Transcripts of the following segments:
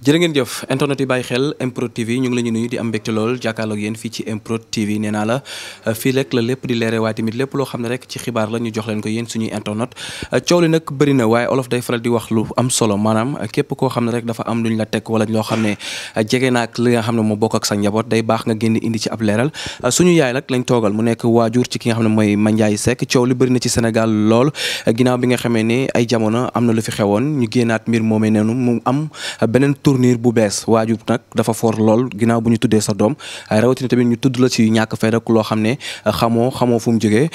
jërë ngeen jëf internet yi bàyyi xel MPROD TV ñu ngi la ñu nuyu di am mbégte lool jàkkaarloog yéen fii ci MPROD TV nee naa la euh, fii rek la lépp di leere waaye tamit lépp loo xam ne rek ci xibaar la ñu leen ko yéen suñuy internet euh, coow li nag bëri na waaye olof day faral di wax lu am solo maanaam euh, képp koo xam ne rek dafa am lu ñu la teg wala loo xam ne jege naak li nga xam ne moo bokk ak sa njaboot day baax nga génn indi ci ab leeral suñu yaay nag lañ toogal mu nekk waajur ci ki nga xam ne mooy Mandiaye Seck coow li bëri na ci Sénégal lool ginnaaw bi nga xamee ni ay jamono am na lu fi xewoon ñu génnaat mbir moomee neenu mu am beneen tournure bu bees waajur nag dafa for lool ginnaaw bu ñu tuddee sa doom rawatina tamit ñu tudd la ci ñàkk fay rek loo xam ne xamoo xamoo fu mu jógee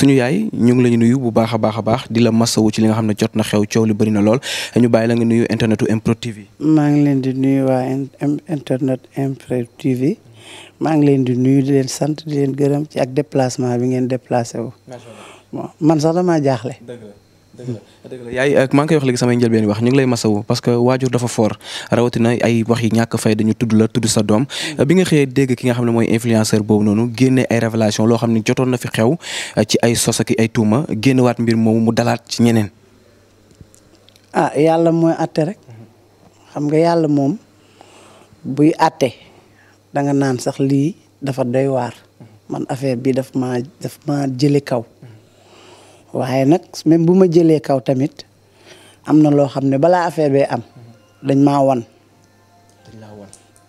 suñu yaay ñu ngi la ñu nuyu bu baax a baax a baax di la masawu ci li nga xam ne jot na xew coow li bëri na lool ñu bàyyi la nga nuyu internetu MPROD TV. maa ngi leen di nuyu waa internet MPROD TV maa ngi leen di nuyu di leen sant di leen gërëm ci ak déplacement bi ngeen déplacé wu. man sax damaa jaaxle. dëgg la dëgg la yaay maa ngi koy wax léegi samay njëlbeen wax ñu ngi lay masawu parce que waajur dafa foor rawatina ay wax yi ñàkk fay dañu tudd la tudd sa doom mm. bi nga xëyee dégg ki nga xam ne mooy influenceur boobu noonu génne ay révélation loo xam ne jotoon na fi xew eh, ci ay sos ak ay tuuma génnewaat mbir moomu mu dalaat ci ñeneen. Ah, yàlla mooy àtte rek xam nga yàlla moom buy àtte da nga naan sax lii dafa doy waar man affaire bi daf ma daf maa jëlee kaw. waaye nag même bu ma jëlee kaw tamit am na loo xam ne balaa affaire bee am dañ ma wan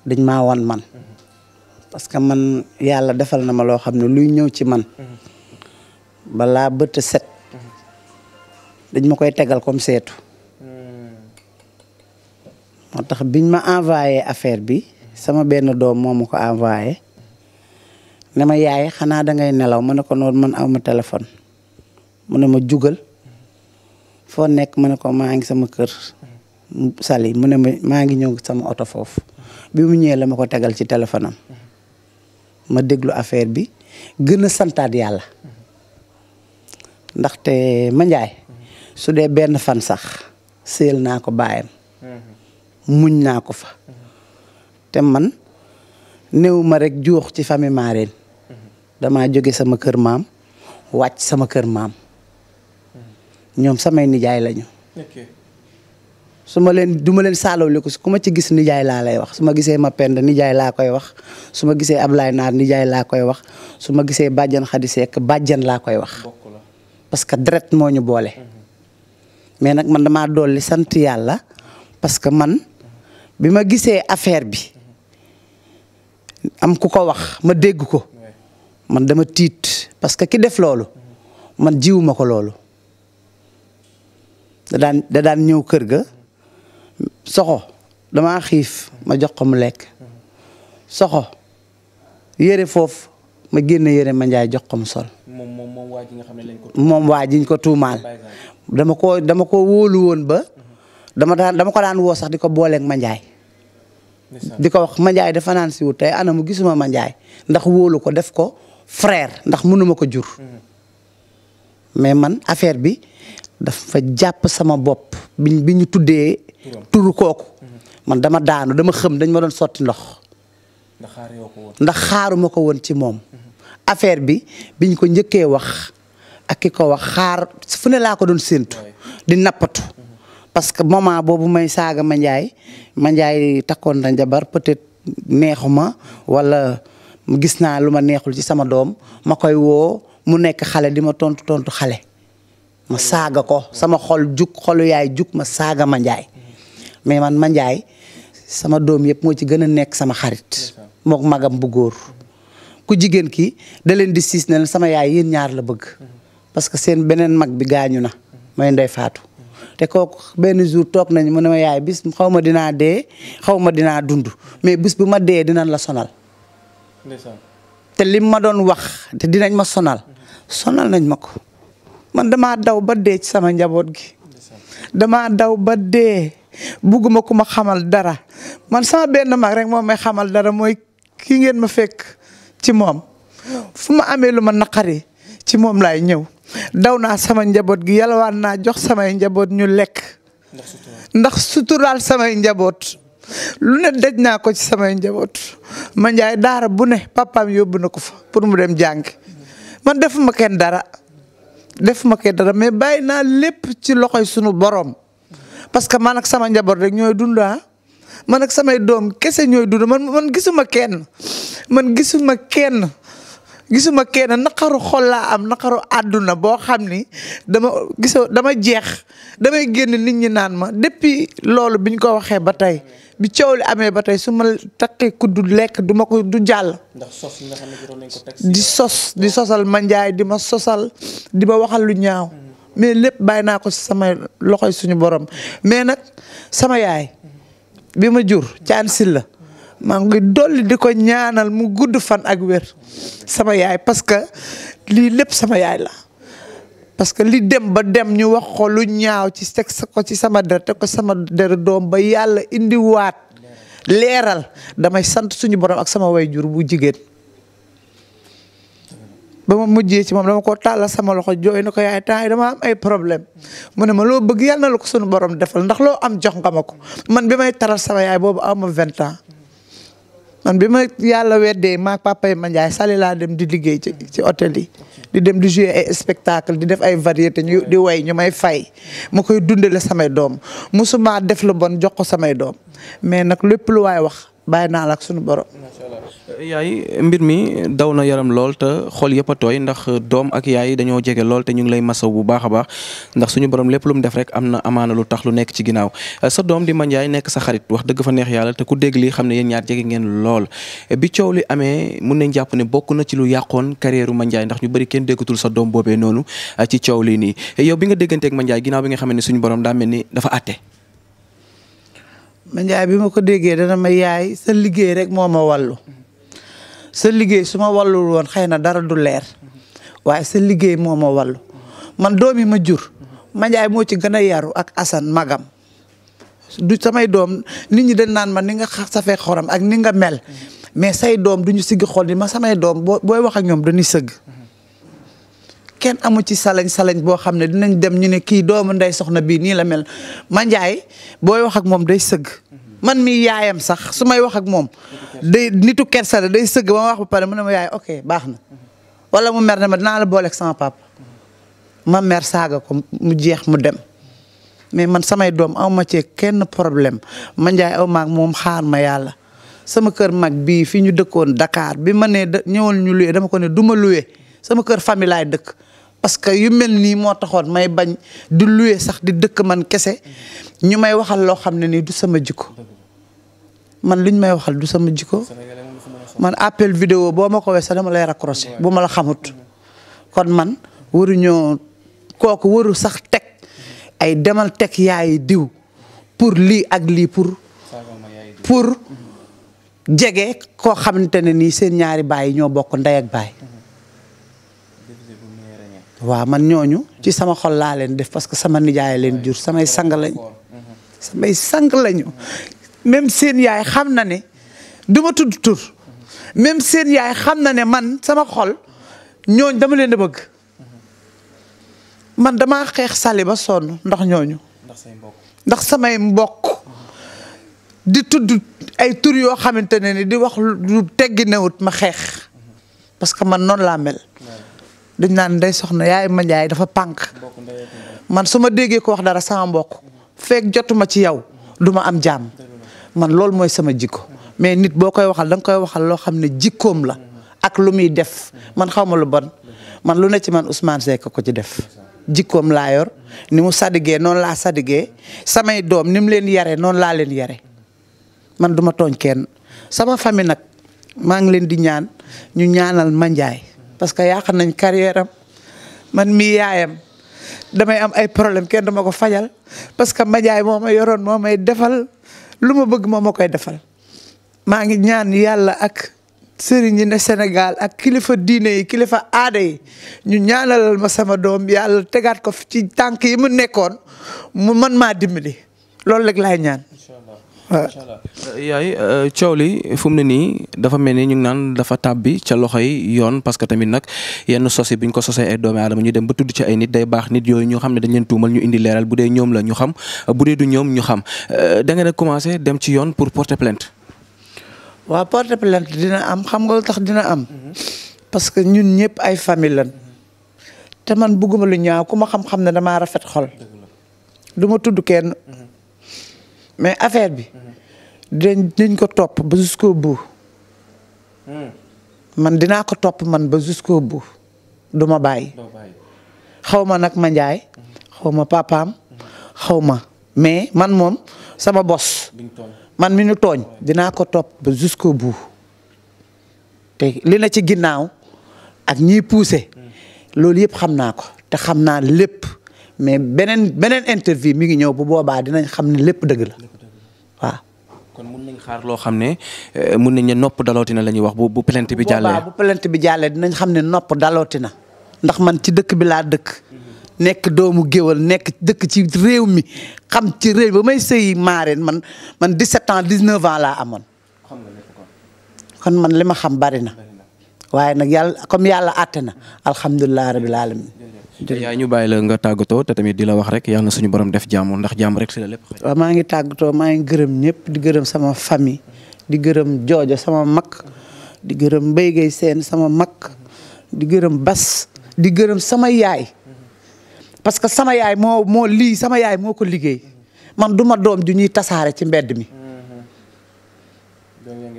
dañ ma wan man parce que man yàlla defal na ma loo xam ne luy ñëw ci man balaa bët set ma koy tegal kom seetu moo tax biñ ma envoyé affaire bi sama benn doom moo ma ko envoyé ne ma yaay xanaa da ngay nelaw ma ne ko noonu man aw ma téléphone mu ne ma jugal foo nekk mu ne ko maa ngi sama kër sali mu ne maa ngi ñëw sama oto foofu bi mu ñëwee la ma ko tegal ci téléphone ma déglu affaire bi gën a santaat yàlla ndaxte ma njaay su dee benn fan sax séel naa ko baayam muñ naa ko fa te man newuma rekk rek juux ci famille Marène damaa jóge sama kër maam wàcc sama kër maam ñoom samay nijaay lañu. su ma leen du ma leen saalawliku ku ma ci gis nijaay laa lay wax su ma gisee Mapenda nijaay laa koy wax su ma gisee Ablaye Naar nijaay laa koy wax su ma gisee bàjjan Xadi Seck bàjjan laa koy wax. parce que deret moo ñu boole. Mhm. mais nag man damaa dolli sant yàlla parce que man bi ma gisee affaire bi am ku ko wax ma dégg ko man dama tiit parce que ki def loolu mhm. man jiwuma ko loolu. da daan da daan ñëw kër ga soxo dama xiif ma jox ko mu lekk soxo yére foofu ma génne yére ma jox ko mu sol. moom moom waa ji ko. moom waa dama ko dama ko wóolu woon ba. dama daan dama ko daan woo sax di ko booleeg ma di ko wax ma njaay dafa naan si wut tey anamu gisuma ma ndax wóolu ko def ko frère ndax mënuma ko jur. Mhm. mais man affaire bi dafa jàpp sama bopp bi bi ñu tuddee. turu kooku. man dama daanu dama xëm dañ ma doon sotti ndox. ndax xaaruma ko woon ci moom. affaire bi biñ ko njëkkee wax ak ki ko wax xaar fu ne laa ko doon séentu. di nappatu. parce que moment boobu may saaga Mandiaye Mandiaye takkoon na jabar peut-être neexuma wala gis naa lu ma neexul ci sama doom ma koy woo mu nekk xale di ma tontu tontu xale. ma saaga ko sama xol jug xolu yaay jug ma saaga ma mais man ma njaay sama doom yëpp moo ci gën a nekk sama xarit mook magam bu góor ku jigéen ki da leen di siis ne sama yaay yéen ñaar la bëgg parce que seen beneen mag bi gaañu na may ndey faatu te kooku benn jour toog nañ ma yaay bis xaw ma dinaa dee xaw ma dinaa dund mais bis bu ma dee dinañ la sonal te lim ma doon wax te dinañ ma sonal sonal nañ ma ko man damaa daw ba dee ci sama njaboot gi damaa daw ba dee bugguma ku ma xamal dara man sama benn mag rek moom may xamal dara mooy kii ngeen ma fekk ci moom fu ma amee lu ma naqari ci moom laay ñëw daw naa sama njaboot gi yalwaan naa jox samay njaboot ñu lekk ndax suturaal samay njaboot lu ne daj naa ko ci samay njaboot ma njaay daara bu ne papaam yóbbu na ko fa mu dem jàngi man defuma kenn dara def ma dara mais bàyyi naa lépp ci loxoy sunu borom parce que man sama njaboot rek ñooy dund ah. man ak samay doom kese ñooy dund man man gisuma kenn man gisuma kenn gisuma kenn naqaru xol laa am naqaru àdduna boo xam ni dama gisoo dama jeex damay génn nit ñi naan ma depuis loolu bi ñu ko waxee ba tey bi coow li amee ba tey su ma takkee kuddu lekk duma ko du jàll. ndax sos di sos di sosal ma njaay di ma sosal di ma waxal lu ñaaw. mais lépp bàyyi naa ko sama loxoy suñu borom mais nag sama yaay bi ma jur caan si la maa ngi dolli di ko ñaanal mu gudd fan ak wér sama yaay parce que lii lépp sama yaay la parce que li dem ba dem ñu wax ko lu ñaaw ci sa ko ci sama der teg ko sama der doom ba yàlla indiwaat leeral damay sant suñu borom ak sama jur bu jigéen ba ma mujjee ci moom dama ko tàllal sama loxo jooy na ko yaay temps dama ay problème mu ne ma loo bëgg yàlla la ko suñu borom defal ndax loo am jox nga ma ko man bi may taral sama yaay boobu am ma vingt ans man bi ma yàlla weddee maag papa yi ma Ndiaye sali laa dem di liggéey ci ci hôtel yi di dem di jouer ay spectacle di def ay variété ñu di way ñu may fay mu koy dundale samay doom musuma def la bon jox ko samay doom mais nag lépp wax bàyyi naa la suñu sunu yaay mbir mi daw na yaram lool te xol yëpp a tooy ndax doom ak yaay dañoo jege lool te ñu ngi lay masaw bu baax a baax ndax suñu borom lépp lu mu def rek am na amaana lu tax lu nekk ci ginnaaw sa doom di Mandiaye nekk sa xarit wax dëgg fa neex yàlla te ku dégg lii xam ne yéen ñaar jege ngeen lool bi coow li amee mun nañ jàpp ne bokk na ci lu yàqoon carrière Mandiaye ndax ñu bari kenn déggatul sa doom boobee noonu ci coow lii nii yow bi nga dégganteeg Mandiaye ginnaaw bi nga xam ne suñu borom daa ni dafa àtte ma bi ma ko déggee dana ma yaay sa liggéey rek moo ma wallu sa liggéey suma ma wallul woon xëy na dara du leer waaye sa liggéey moo ma wallu man doom yi ma jur ma moo ci gën a yaru ak asan magam du samay doom nit ñi da naan ma ni nga safee xorom ak ni nga mel mais say doom du ñu siggi xool yi ma samay doom booy wax ak ñoom dañuy sëgg kenn amu ci salañ-salañ boo xam ne dinañ dem ñu ne kii doomu ndey soxna bii nii la mel ma njaay booy wax ak moom day sëgg man mi yaayam sax su may wax ak moom day nitu kersa day sëgg ba ma wax ba pare mu ne ma yaay ok baax na wala mu mer ne ma dinaa la booleeg sama papa ma mer saaga ko mu jeex mu dem mais man samay doom aw ma kenn problème ma njaay aw moom xaar ma yàlla sama kër mag bii fi ñu dëkkoon dakaar bi ma nee ñëwal ñu luye dama ko ne du ma luye sama kër famille laay dëkk parce que yu mel nii moo taxoon may bañ du luwe sax di dëkk man kese ñu may waxal loo xam ne nii du sama jikko man liñ may waxal du sama jikko man appel vidéo boo ma ko weesoo dama lay raccroché bu ma la xamut kon man waruñoo kooku waru sax teg ay demal teg yaayi diw pour lii ak lii pour pour jege koo xamante ne nii seen ñaari baay yi ñoo bokk ndey ak baay waaw man ñooñu ci sama xol laa leen def parce que sama nijaay leen jur samay sang lañ samay sang lañu même seen yaay xam na ne du ma tudd tur même seen yaay xam na ne man sama xol ñooñ dama leen a bëgg man damaa xeex sali ba sonn ndax ñooñu ndax samay mbokk di tudd ay tur yoo xamante ne ni di wax lu teggi newut ma xeex parce que man noonu laa mel dañ naan ndey soxna yaay ma njaay dafa pànk man su ma déggee ko wax dara sama mbokk feek jotuma ci yow duma am jàmm man loolu mooy sama jikko mais nit boo koy waxal da nga koy waxal loo xam ne jikkoom la ak lu muy def man xawma lu bon man lu ne ci man Ousmane Seck ko ci def jikkoom laa yor ni mu sadigee noonu laa sadigee samay doom ni mu leen yare noonu laa leen yare man duma tooñ kenn sama famille nag maa ngi leen di ñaan ñu ñaanal Mandiaye parce que yàq nañ carrière man mii yaayam damay am ay problème kenn dama ko fajal parce que Madiaye moo ma yoroon moo may defal lu ma bëgg moo ma koy defal. maa ngi ñaan yàlla ak sëriñ ne Sénégal ak kilifa diine yi kilifa aada yi ñu ñaanalal ma sama doom yàlla tegaat ko ci tànk yi mu nekkoon mu man maa dimbali loolu rek laay ñaan. yaay euh, coow li fu mu ne nii dafa mel ni ñu ngi naan dafa tàbbi ca loxo yi yoon parce que tamit nag yenn sos yi bi ñu ko sosee ay doomi aadama ñu dem ba tudd ci ay nit day baax nit yooyu ñoo xam ne dañ leen tuumal ñu indi leeral bu dee ñoom la ñu xam bu dee du ñoom ñu xam euh, da ngeen a commencé dem ci yoon pour porter plainte. waaw porter plainte dina am xam nga lu tax dina am. parce que ñun ñëpp ay famille lan te man bëgguma lu ñaaw ku ma xam-xam ne damaa rafet xol. du tudd kenn. mais affaire bi. dinañ dinañ ko topp ba jusqu'au bout. Hmm. man dinaa ko topp man ba jusqu'au bout du ma bàyyi. xaw ma nag ma njaay. Hmm. xaw ma papam hmm. xaw ma mais man moom sama bos. man mi ñu tooñ dinaa ko topp ba jusqu'au bout. te li na ci ginnaaw ak ñiy poussé. loolu yëpp xam naa ko te xam naa lépp. mais beneen beneen interview mi ngi ñëw bu boobaa dinañ xam ne lépp dëgg la waaw. kon mun nañ xaar loo xam ne euh, mun nañ ne nopp dalootina la ñuy wax bu bu plainte bi. jàllee bu plainte bi jàllee dinañ xam ne nopp dalootina ndax man ci dëkk bi laa dëkk. nekk doomu géwal nekk dëkk ci réew mi xam ci réew ba may sëyi maareen man man 17 ans 19 ans laa amoon. kon man lima xam bari na. waaye nag yàlla comme yàlla àtte na alhamdulilah rabil alamin yaay ñu bàyyi la nga tàggatoo te tamit di la wax rek yàlla na suñu borom def jàmm ndax jàmm rek si la lépp. waaw maa ngi tàggatoo maa ngi gërëm ñëpp di gërëm sama famille di gërëm joojo sama mag di gërëm mbéy gay seen sama mag di gërëm bas di gërëm sama yaay parce que sama yaay moo moo lii sama yaay moo ko liggéey man duma doom ju ñuy tasaare ci mbedd mi. Mm-hmm.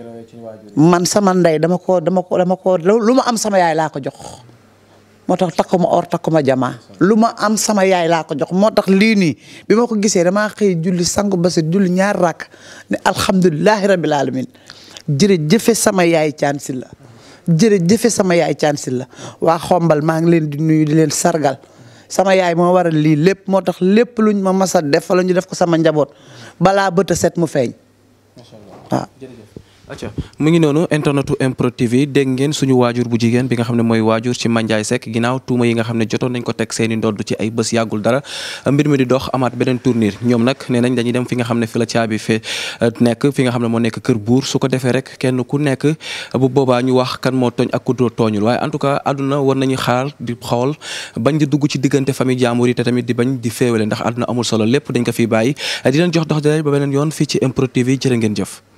man sama ndey dama ko dama ko dama ko lu ma am sama yaay laa ko jox. moo tax takkuma or takkuma jama lu ma am sama yaay laa ko jox moo tax lii nii bi ma ko gisee damaa xëy julli sangu basit julli ñaar rakk ne alhamdulilahi rabil alamin jëfe sama yaay caan si la jërëjëfe sama yaay caan si la waa xombal maa ngi leen di nuyu di leen sargal sama yaay moo waral lii lépp moo tax lépp luñ ma mas def fa ñu def ko sama njaboot balaa bët a set mu feeñ acca mu ngi noonu internetu MPROD TV dégg ngeen suñu waajur bu jigéen bi nga xam ne mooy waajur ci Mandiaye Seck ginnaaw tuuma yi nga xam ne jotoon nañ ko teg seen i ndodd ci ay bés yàggul dara mbir mi di dox amaat beneen tournir ñoom nag nee nañ dañuy dem fi nga xam ne fi la caabi fi eh, nekk fi nga xam ne moo nekk kër buur su ko defee rek kenn ku nekk bu boobaa ñu wax kan moo tooñ ak ku doo tooñul waaye en tout cas àdduna war nañu xaar di xool bañ di dugg ci diggante famille jàmbur yi te tamit di bañ di féewale ndax àdduna amul solo lépp ko fiy bàyyi leen jox dox dare yoon fii ci MPROD TV jërë ngeen